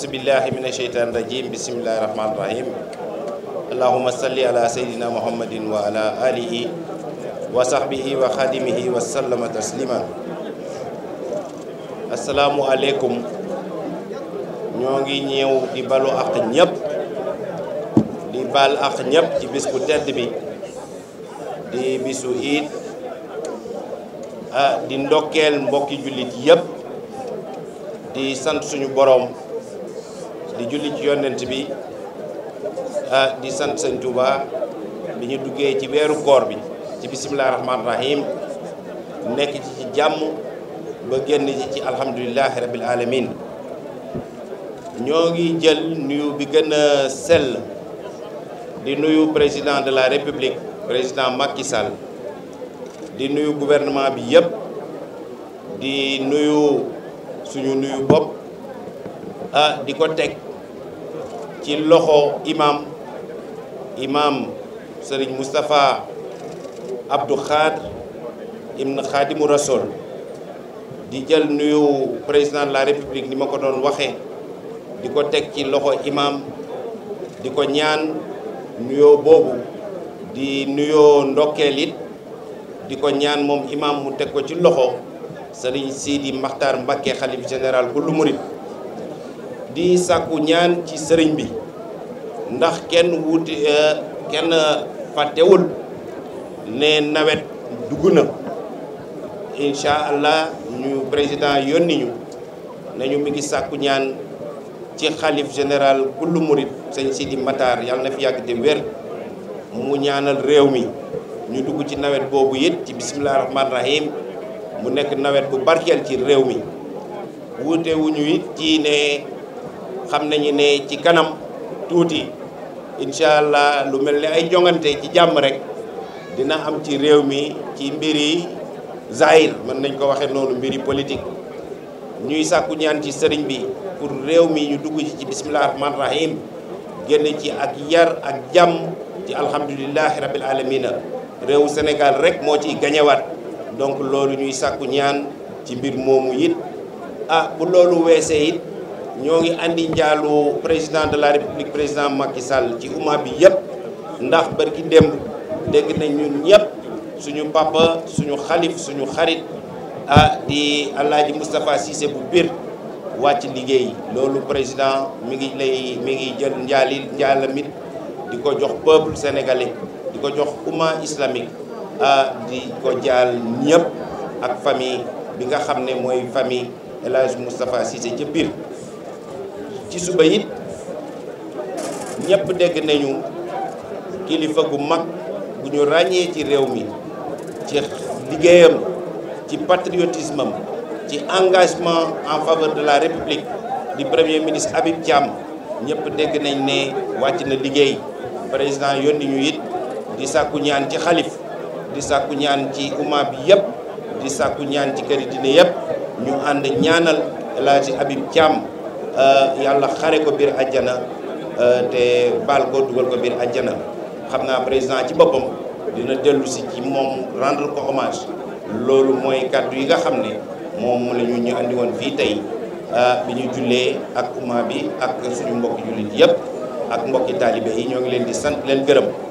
أعوذ بالله من الشيطان الرجيم بسم الله الرحمن الرحيم اللهم صل على سيدنا محمد وعلى آله وصحبه وخادمه وسلم تسليما asalaamu aleykum ñoo ngi ñëw di balu ak ñëpp di bal ak ñëpp ci bis bu tedd bi di bisu iid ah di ndokkeel mbokki jullit yëpp di sant suñu boroom di julli ci yonent bi ah, di sant sëñ Touba bi ñu duggee ci weeru koor bi ci bisimilah rahmaani rahim nekk ci ci jàmm ba génn ci ci alhamdulilah rabil alamin ñoo ngi jël nuyu bi gën a sell di nuyu président de la république président Macky di nuyu gouvernement bi yëpp di nuyu suñu nuyu bopp ah di ko teg. ci loxo imam imam Serigne Moustapha Abdou Khadre ibn Khadimu Rasol di jël nuyu président la république ni ma ko doon waxe di ko teg ci loxo imam di ko ñaan nuyoo boobu di nuyoo ndokkeel it di ko ñaan moom imam mu teg ko ci loxo Serigne Sidi Makhtar Mbacké xalif général bu lu murit di sàkku ñaan ci sëriñ bi ndax kenn wuti euh, kenn fàttewul ne nawet dugg na incha allah ñu président yónni ñu nañu mi ngi sàkku ñaan ci xalif général kullu murit sëñ Sidi Matar yàlla na fi yàgg te wér mu ñaanal réew mi ñu dugg ci nawet boobu it ci bisimilah rahmaani rahim mu nekk nawet bu barkeel ci réew mi wuute wuñu it xam nañu ne ci kanam tuuti incha allah lu mel ni ay jongante ci jàmm rek dina am ci réew mi ci mbiri zahir mën nañ ko waxee noonu mbiri politique ñuy sàkku ñaan ci sëriñ bi pour réew mi ñu dugg ci ci bismillah rahman rahim génn ci ak yar ak jàmm ci alhamdulillah rabil alamina réewu Sénégal rek moo ciy gañewaat donc loolu ñuy sàkku ñaan ci mbir moomu it ah bu loolu weesee it ñoo ngi indi njaalu président de la république président Macky Sall ci umma bi yëpp ndax barki démb dégg nañ ñun ñëpp suñu papa suñu xalif suñu xarit ah di Alaaji Moustapha Cissé bu biir wàcc liggéey loolu président mi ngi lay mi ngi jël njaali njaalamit di ko jox peuple sénégalais di ko jox umma islamique ah di ko jaal ñëpp ak famille bi nga xam ne mooy famille El Hadj Moustapha ca biir ci suba it ñëpp dégg nañu kilifa gu mag bu ñu ràññee ci réew mi ci liggéeyam ci patriotisme ci engagement en faveur de la république di premier ministre Habib Thiam ñëpp dégg nañ ne wàcc na liggéey président yónni ñu it di sàkku ñaan ci xalif di sàkku ñaan ci umma bi yëpp di sàkku ñaan ci këri dine yëpp ñu ànd ñaanal El Hadji Habib Thiam Euh, yàlla xare ko biir àjjana euh, te baal ko dugal ko biir àjjana xam naa président ci boppam dina dellu si ci moom rendre ko loolu mooy kàddu yi nga xam ne moom la ñu ñu andi woon fii tey euh, bi ñu jullee ak umma bi ak suñu mbokki jullit yëpp ak mbokki taalibe yi ñoo ngi leen di sant leen gërëm